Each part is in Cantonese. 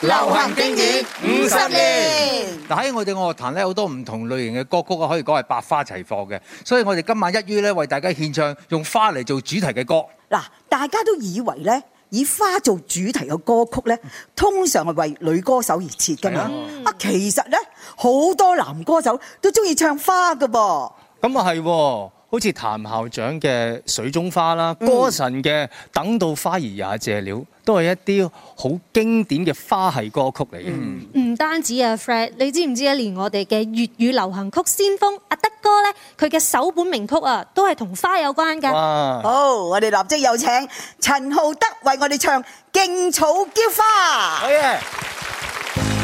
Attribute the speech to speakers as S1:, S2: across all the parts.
S1: 流行
S2: 經典五十年。嗱，喺我哋樂壇咧，好多唔同類型嘅歌曲啊，可以講係百花齊放嘅。所以我哋今晚一於咧為大家獻唱用花嚟做主題嘅歌。
S1: 嗱，大家都以為咧，以花做主題嘅歌曲咧，通常係為女歌手而設㗎嘛？啊，其實咧，好多男歌手都中意唱花噶噃。
S3: 咁啊係。好似譚校長嘅《水中花》啦，歌神嘅《等到花兒也謝了》都係一啲好經典嘅花系歌曲嚟
S4: 嘅。唔、嗯、單止啊，Fred，你知唔知？連我哋嘅粵語流行曲先鋒阿、啊、德哥呢，佢嘅首本名曲啊，都係同花有關嘅。好，我哋立即有請陳浩德為我哋唱《勁草
S5: 嬌花》。
S4: 好嘢！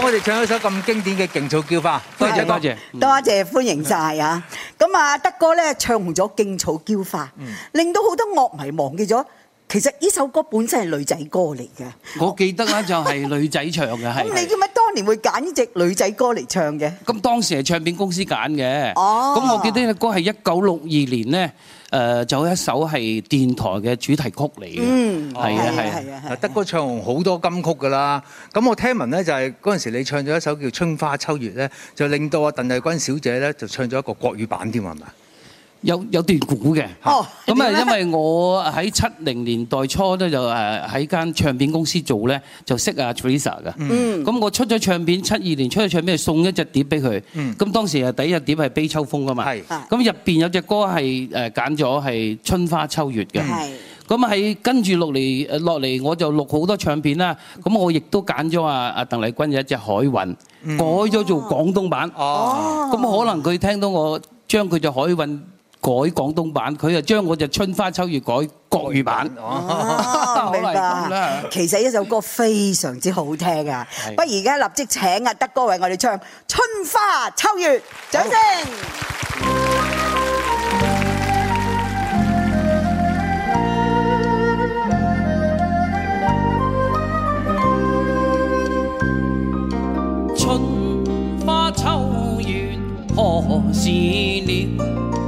S2: 我哋唱一首咁經典嘅《勁草嬌花》，多謝
S1: 多謝，多謝歡迎晒啊！咁啊，德哥咧唱紅咗《勁草嬌花》，令到好多樂迷忘記咗，其實呢首歌本身係女仔歌嚟嘅。
S6: 我記得咧就係女仔唱嘅，係。咁你點
S1: 解當年會揀呢隻女仔歌嚟唱嘅？咁當時係唱片公司揀嘅。哦。咁我記得呢首歌係
S2: 一九六二年咧。誒、uh，仲有一首係電台嘅主題曲嚟嘅，係、嗯、啊係啊，啊，啊，啊，啊，德哥唱紅好多金曲㗎啦。咁我聽聞咧、就係，就係嗰陣時你唱咗一首叫《春花秋月》咧，就令到啊鄧麗君小姐咧就唱咗一個國語版添，係咪？
S6: 有有段古嘅，
S2: 咁啊，因為我喺七零年代初咧
S6: 就誒喺間唱片公司做咧，就識阿 Teresa 嘅。嗯，咁我出咗唱片，七二年出咗唱片，送一隻碟俾佢。嗯，咁當時啊第一隻碟係悲秋風啊嘛。係。咁入邊有隻歌係誒揀咗係春花秋月嘅。係。咁啊喺跟住落嚟誒落嚟，我就錄好多唱片啦。咁我亦都揀咗阿阿鄧麗君有一隻海韻，改咗做廣東版。哦。咁可能佢聽到我將佢隻海韻改廣東版，佢就將我隻春花秋月改國語版。
S7: 啊，明白。其
S1: 實一首歌非常之好聽啊！不如而家立即請阿德哥為我哋唱《春花秋月》，掌聲。
S6: 好。春花秋月，何時了？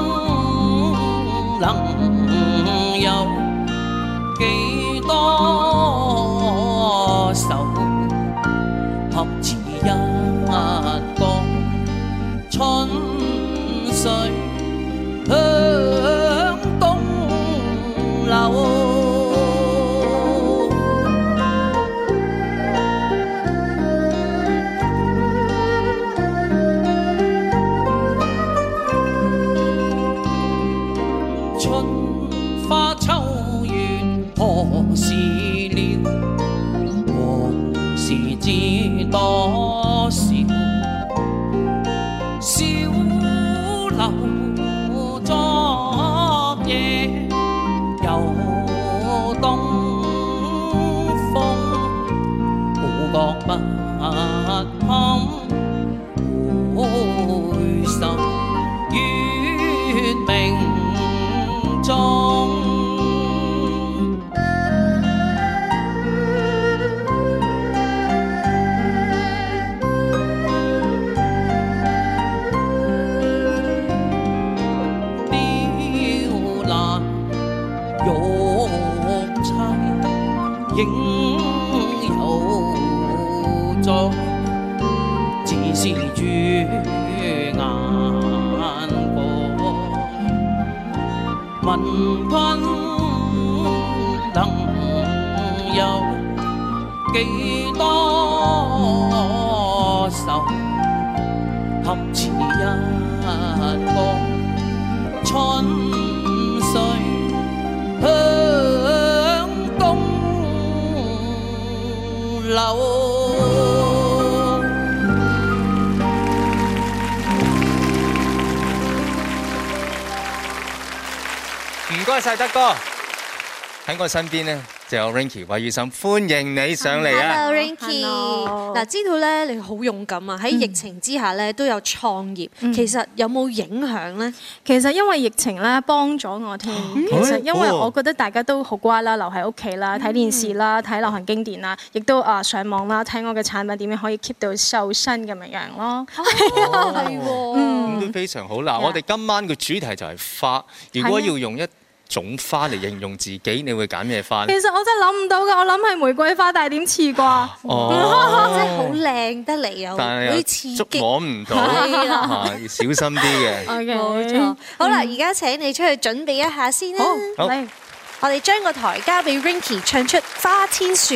S3: 我身邊呢，就有 Rinky 蔚雨芯，歡迎你上嚟啊！Hello
S4: Rinky，嗱，知道咧你好勇敢啊！喺疫情之下咧都有創業，mm. 其實有冇影響
S5: 咧？其實因為疫情咧幫咗我添，其實因為我覺得大家都好乖啦，留喺屋企啦，睇電視啦，睇流行經典啦，亦都啊上網啦，睇我嘅產品點樣可以 keep 到瘦身咁樣子、oh. 哦 mm. 樣咯，係
S3: 啊，係喎，嗯都非常好。嗱，我哋今晚嘅主題就係花，如果要用一種花嚟形容自己，你會揀咩花？其實
S5: 我真係諗唔到㗎，我諗係玫瑰花，但係點似啩，哦， 真係好靚得嚟啊！但係有啲刺觸摸
S3: 唔到啊， 要小心啲嘅。
S4: okay，冇錯，好啦，嗯，而家請你出去準備一下先啦。好，好，我哋將個台交俾 Rinky 唱出花千樹。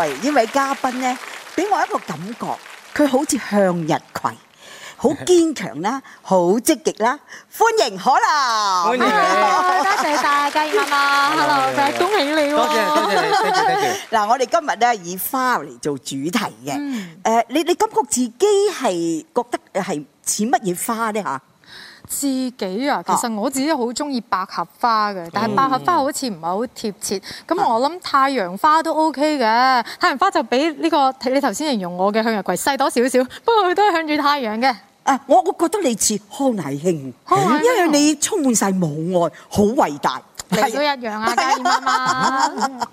S1: 呢位嘉賓咧，俾我一個感覺，佢好似向日葵，好堅強啦，好積極啦，歡迎可嵐。多謝曬嘉欣啊，Hello，非常歡迎你喎。多謝多謝你，多謝多謝。嗱，我哋今日咧以花嚟做主題嘅，誒，你你感覺自己係覺得係似乜嘢花咧嚇？
S5: 自己啊，其實我自己好中意百合花嘅，啊，但係百合花好似唔係好貼切。咁，嗯、我諗太陽花都 OK 嘅，啊，太陽花就比呢、呢個你頭先形容我嘅向日葵細多少少，不過佢都係向住太陽嘅。啊，我我覺得你似康乃馨，
S1: 因為你充
S5: 滿晒母愛，好，啊、偉大，係都一樣啊，家燕媽
S3: 媽。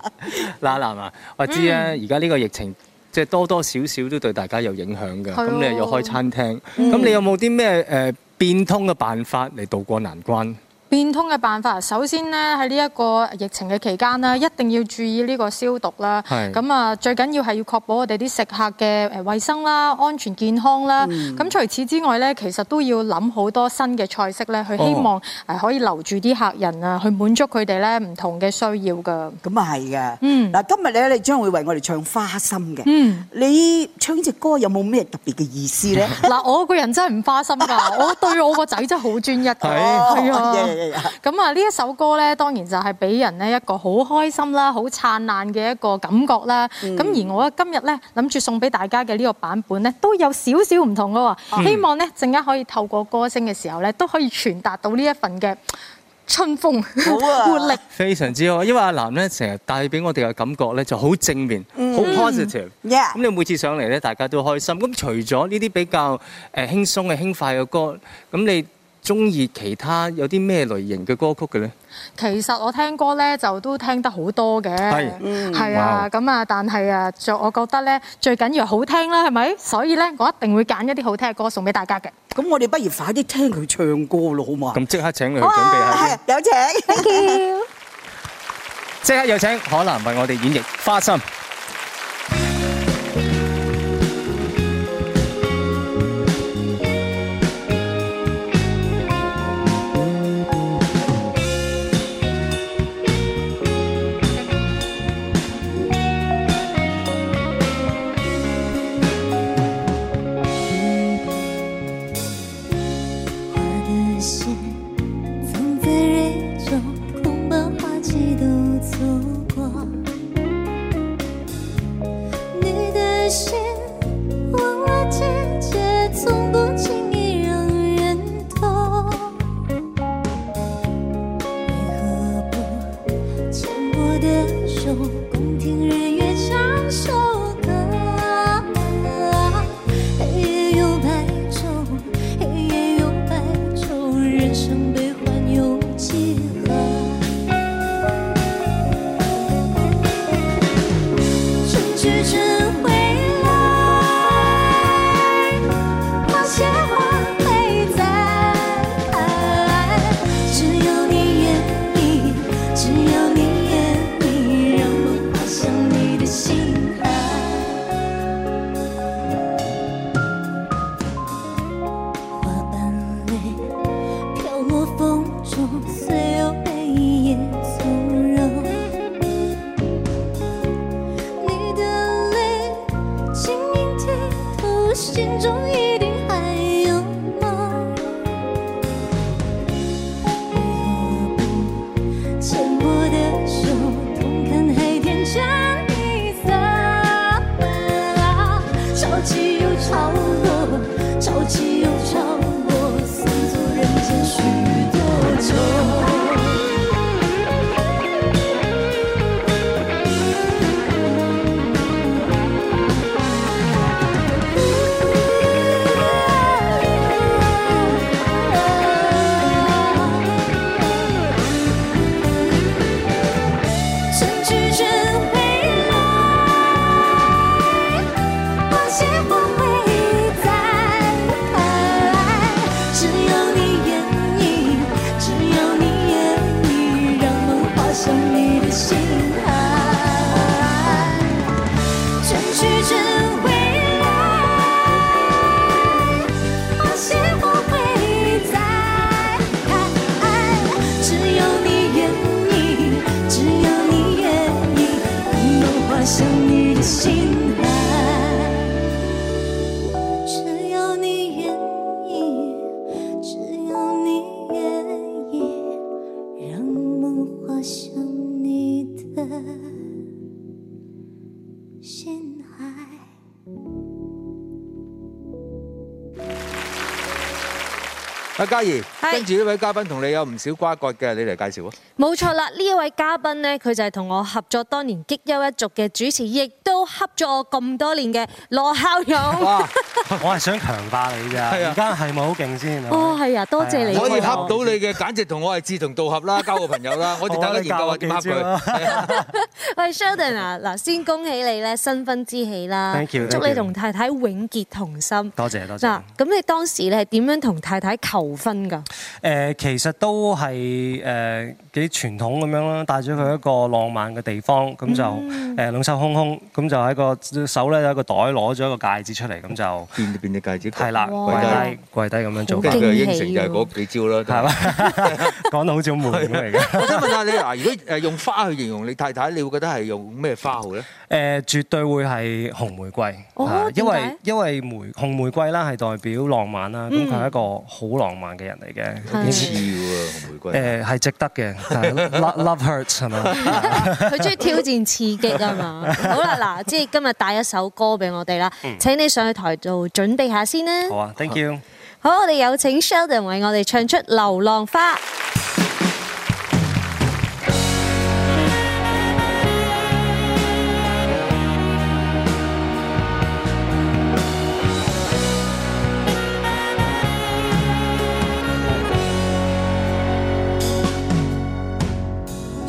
S3: 嗱嗱我知啊，而家呢個疫情即係多多少少都對大家有影響嘅。咁，嗯、你又開餐廳，咁，嗯、你有冇啲咩誒？呃變通嘅辦法嚟渡過難關。
S5: 變通嘅辦法，首先呢，喺呢一個疫情嘅期間呢，一定要注意呢個消毒啦。咁啊，最緊要係要確保我哋啲食客嘅誒衛生啦、安全健康啦。咁、嗯、除此之外呢，其實都要諗好多新嘅菜式呢，去希望誒可以留住啲客人啊，去滿足佢哋呢唔同嘅需要㗎。咁啊係嘅。嗯。嗱，今日呢，你將會為我哋唱花心嘅。嗯。你唱隻歌有冇咩特別嘅意思呢？嗱， 我個人真係唔花心㗎，我對我個仔真係好專一㗎。 係啊。咁啊，呢一首歌咧，當然就係俾人咧一個好開心啦、好燦爛嘅一個感覺啦。咁、嗯、而我今日咧諗住送俾大家嘅呢個版本咧，都有少少唔同咯、嗯。希望咧，陣間可以透過歌聲嘅時候咧，都可以傳達到呢一份嘅春風、啊、活力，
S3: 非常之好。因為阿嵐咧成日帶俾我哋嘅感覺咧，就好正面，好、嗯、positive。咁你、嗯嗯、每次上嚟咧，大家都開心。咁除咗呢啲比較誒輕鬆嘅輕快嘅歌，咁你。中意其他有啲咩類型嘅歌曲嘅呢？
S5: 其實我聽歌呢，就都聽得好多嘅，係係啊咁啊！係 wow. 但係啊，就我覺得呢，最緊要好聽啦，係咪？所以呢，我一定會揀一啲好聽嘅歌送俾大家嘅。
S1: 咁我哋不如快啲聽佢唱歌咯，好嘛？
S3: 咁即刻請你去準備下先、啊，有請有請，即刻有請可嵐為我哋演繹花心。
S2: 嘉怡，跟住呢位嘉賓同你有唔少瓜葛嘅，你嚟介紹
S4: 啊！冇錯啦，呢一位嘉賓咧，佢就係同我合作多年，激優一族嘅主持，亦都合作咁多年嘅羅孝勇。哇！
S2: 我係想強化你㗎，而家係咪好勁先？哦，係啊，多謝，啊、你。可以恰到你嘅，簡直同我係志同道合啦， 交個朋友啦。 我哋大家研究下點恰佢。
S4: 喂，Sheldon 啊，嗱， 先恭喜你咧新婚之喜啦，thank,！Thank you，祝你同太太永結同心。多謝多謝。嗱，咁你當時你係點樣同太太求分㗎？
S8: 誒，其實都係誒幾傳統咁樣啦，帶咗佢一個浪漫嘅地方，咁就誒兩手空空，咁就喺個
S3: 手咧有一個袋攞咗一個戒指出嚟，咁就變變隻戒指。係啦，跪低跪低咁
S2: 樣做，跟住應承就係嗰幾招啦。係嘛？講
S3: 到好似好悶嘢嚟
S2: 嘅。我想問下你嗱，如果誒用花去形容你太太，你會覺得係用咩花好咧？誒，絕對會係
S3: 紅玫瑰。哦，好。因為因為玫紅玫瑰啦係代表浪漫啦，咁佢係一個好浪漫嘅人嚟嘅，有啲
S8: 係值得嘅。Love hurts 係嘛？
S4: 佢中意挑戰刺激啊嘛。好啦，嗱，即係今日帶一首歌俾我哋啦，嗯。請你上去台度準備下先啦。好啊，Thank you。好，我哋有請 Sheldon 為我哋唱出流浪花。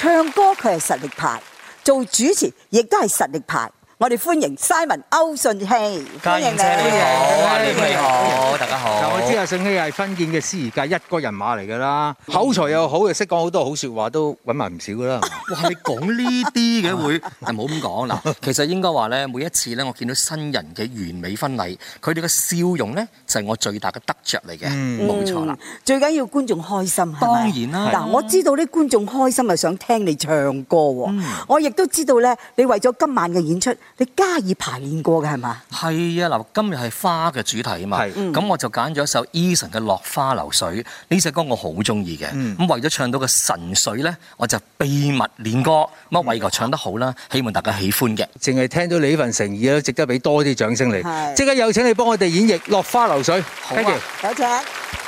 S1: 唱歌佢係實力派，做主持亦都係實力派。我哋歡迎 Simon 歐信希，歡迎
S3: 你，歡迎你好，你好，好，好，好，大家好。我知
S2: 啊，信希係婚宴嘅司儀界一哥人馬嚟噶啦，口才又好，嗯、又識講好多好說話，都揾埋唔少噶啦。哇，你講呢啲嘅會，係冇咁講嗱。其實應該話咧，每一次咧，我見到新人嘅
S3: 完美婚禮，佢哋嘅笑容咧，就係我最大嘅得着嚟嘅，冇錯啦。最緊要觀眾開心係咪？當然啦。嗱，我
S1: 知道啲觀眾開心係想聽你唱歌喎、嗯。我亦都知道咧，你為咗今晚嘅演出。你加以排練過嘅係嘛？
S3: 係啊，嗱，今日係花嘅主題啊嘛，咁、嗯、我就揀咗首 Eason 嘅《落花流水》呢隻歌，我好中意嘅。咁為咗唱到個神髓咧，我就秘密練歌，
S2: 乜為求唱得好啦，希望大家喜歡嘅。淨係聽到你呢份誠意，都值得俾多啲掌聲你。即刻有請你幫我哋演繹《落花流水》，跟住、嗯
S1: 嗯啊、有請。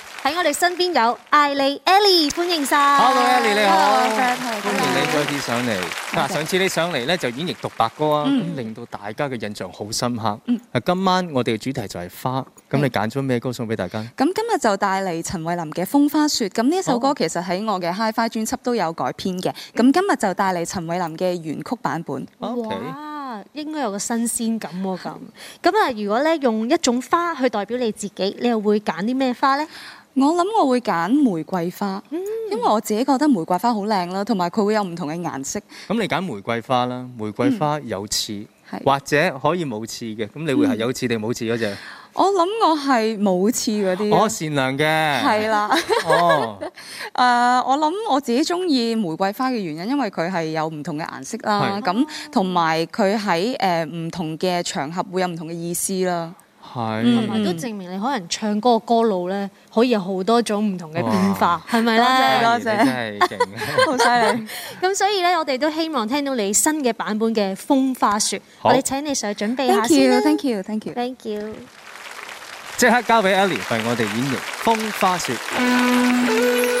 S4: 喺我哋身邊有艾妮 Elly，歡迎晒 Hello Elly，你好 Hello,
S9: friend。歡迎你
S3: 再次上嚟。嗱、okay，上次你上嚟咧就演繹獨白歌啊、嗯，令到大家嘅印象好深刻。啊、嗯，今晚我哋嘅主題就係花，咁、嗯、你揀咗咩歌送俾大家？
S5: 咁今日就帶嚟陳慧琳嘅《風花雪》。咁呢一首歌其實喺我嘅 HiFi 專輯都有改編嘅。咁今日就帶嚟陳慧琳嘅原曲版本。Okay.
S4: 哇，應該
S5: 有個新鮮感喎咁。咁啊，如果咧用一種花去代表你自己，你又會揀啲咩花咧？我諗我會揀玫瑰花、嗯，因為我自己覺得玫瑰花好靚啦，同埋佢會有唔同嘅顏色。
S3: 咁你揀玫瑰花啦，玫瑰花有刺、嗯、或者可以冇刺嘅，咁你會係有刺定冇刺嗰隻？
S5: 我諗我係冇刺嗰啲，我、哦、
S3: 善良嘅，係啦。
S5: 哦 uh, 我諗我自己中意玫瑰花嘅原因，因為佢係有唔同嘅顏色啦，咁、啊呃、同埋佢喺誒唔同嘅場合會有唔同嘅意思啦。係，同埋都證明你可能唱歌嘅歌路咧，可以有好多種唔同嘅變化，係咪咧？
S4: 多謝，謝，謝謝 真係好犀利！咁 厲害 所以咧，我哋都希望聽到你新嘅版本嘅《風花雪》，我哋請你上去準備下先 Thank you, thank you, thank you, thank you。
S3: 即刻交俾 Elly 為我哋演繹《風花雪》。Uh,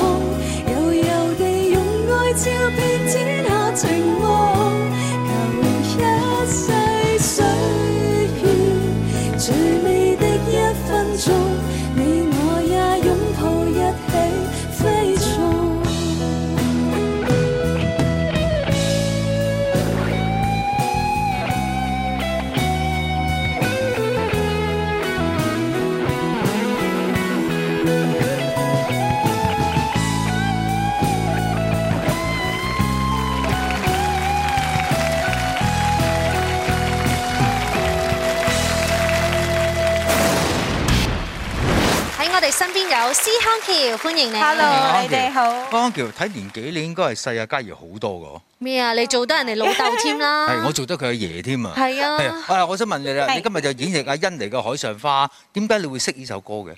S4: 我哋身邊有施匡翹，歡迎你。Hello，Hi，你哋好。
S2: 匡翹，睇年紀你應該係細阿嘉怡好多㗎喎。
S4: 咩啊？你做得人哋老豆添啦。係，
S2: 我做得佢阿爺添啊。係啊。係啊。我想問你啦，你今日就演繹甄妮嘅《海上花》，點解你會識呢首歌嘅？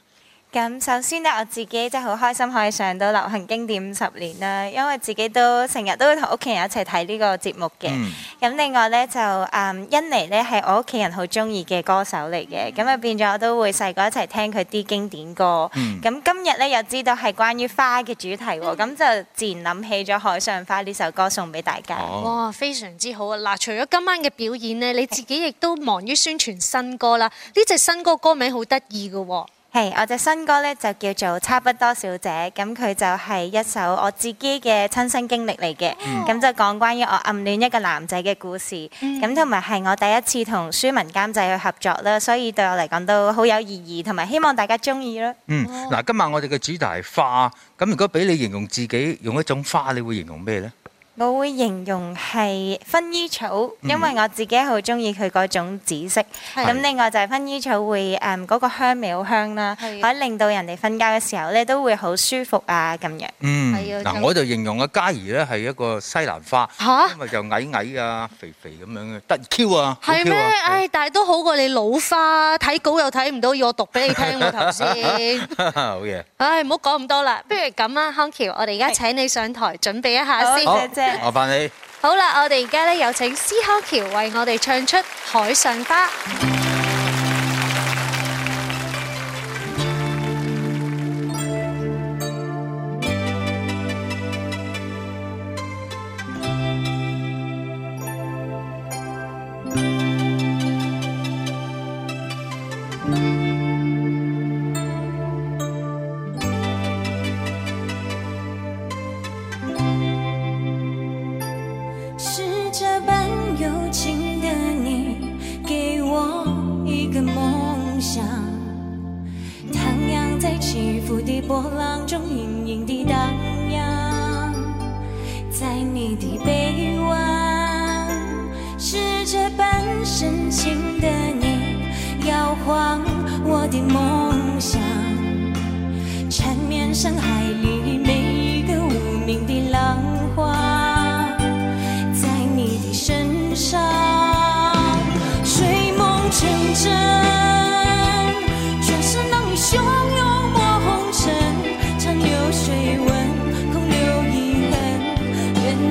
S9: 咁首先呢，我自己真係好開心可以上到流行經典五十年啦，因為自己都成日都同屋企人一齊睇呢個節目嘅。咁、嗯、另外呢，就，嗯，甄妮呢係我屋企人好中意嘅歌手嚟嘅，咁啊變咗我都會細個一齊聽佢啲經典歌。咁、嗯、今日呢，又知道係關於花嘅主題喎，咁、嗯、就自然諗起咗《海上花》呢首歌送俾大家。哦。哇，
S4: 非常之好啊！嗱，除咗今晚嘅表演呢，你自己亦都忙於宣傳新歌啦。呢隻新歌歌名好得意嘅喎。
S9: 係、hey，我隻新歌咧就叫做《差不多小姐》，咁佢就係一首我自己嘅親身經歷嚟嘅，咁、嗯、就講關於我暗戀一個男仔嘅故事，咁同埋係我第一次同舒文監製去合作啦，所以對我嚟講都好有意義，同埋希望大家中意囉。
S2: 嗱、嗯，今日我哋嘅主題係花，咁如果俾你形容自己，用一種花，你會形容咩呢？
S9: 我會形容係薰衣草，因為我自己好中意佢嗰種紫色。咁、嗯、另外就係薰衣草會誒嗰、嗯嗰個香味好香啦，可以令到人哋瞓覺嘅時候咧都會好舒服啊咁樣。嗯，嗱、嗯、我
S2: 就形容阿嘉怡咧係一個西蘭花，咁啊就矮矮啊肥肥咁樣嘅，得 Q 啊。係咩？唉、
S9: 哎，但係都好過你
S4: 老花睇稿又睇唔到，要我讀俾你聽喎頭先。 好嘢。唉，唔好講咁多啦，不如咁啊匡翹，我哋而家請你上台準備一下先。我翻你。好啦，我哋而家呢有請施匡翹為我哋唱出《海上花》。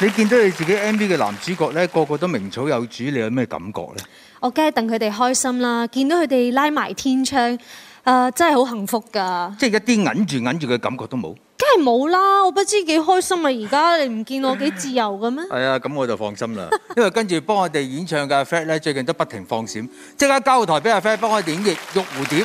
S2: 你見到你自己 MV 嘅男主角呢，個個都名草有主，你有咩感覺呢？
S4: 我梗係戥佢哋開心啦，見到佢哋拉埋天窗，誒、呃，真係好幸福噶。
S2: 即係一啲忍住忍住嘅感覺都冇。
S4: 梗係冇啦，我不知幾開心啊！而家你唔見我幾自由嘅咩？
S2: 係 啊、哎，咁我就放心啦。因為跟住幫我哋演唱嘅 Fred 咧，最近都不停放閃，即刻交台俾阿 Fred 幫我哋演繹玉蝴蝶。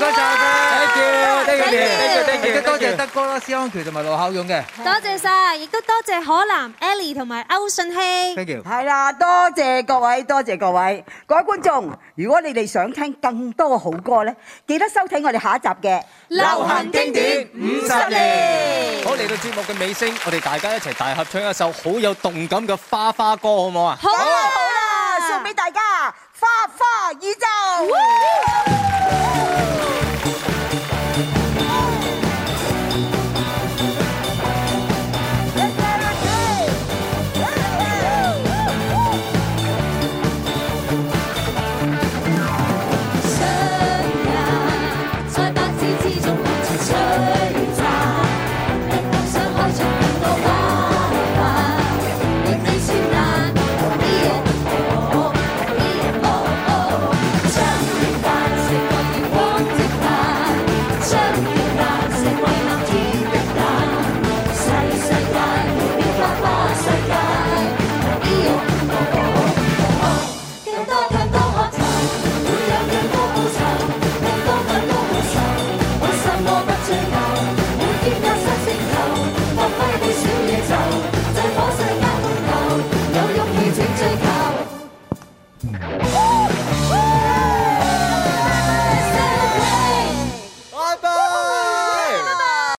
S2: 多謝，thank you，thank you，亦都多謝德哥啦、施匡翹同埋羅孝勇嘅。
S4: 多謝晒！亦都多謝可嵐、Ellie 同埋歐信希。thank
S1: you。係啦，多謝各位，多謝各位，各位觀眾。如果你哋想聽更多嘅好歌咧，記得收睇我哋下一集嘅流行經典
S10: 五十
S2: 年。好，
S3: 嚟到節目嘅尾聲，我哋大家一齊大合唱一首好有動感嘅花花歌，好唔好啊？好啦，
S1: 啊啊，送俾大家《花花宇宙》。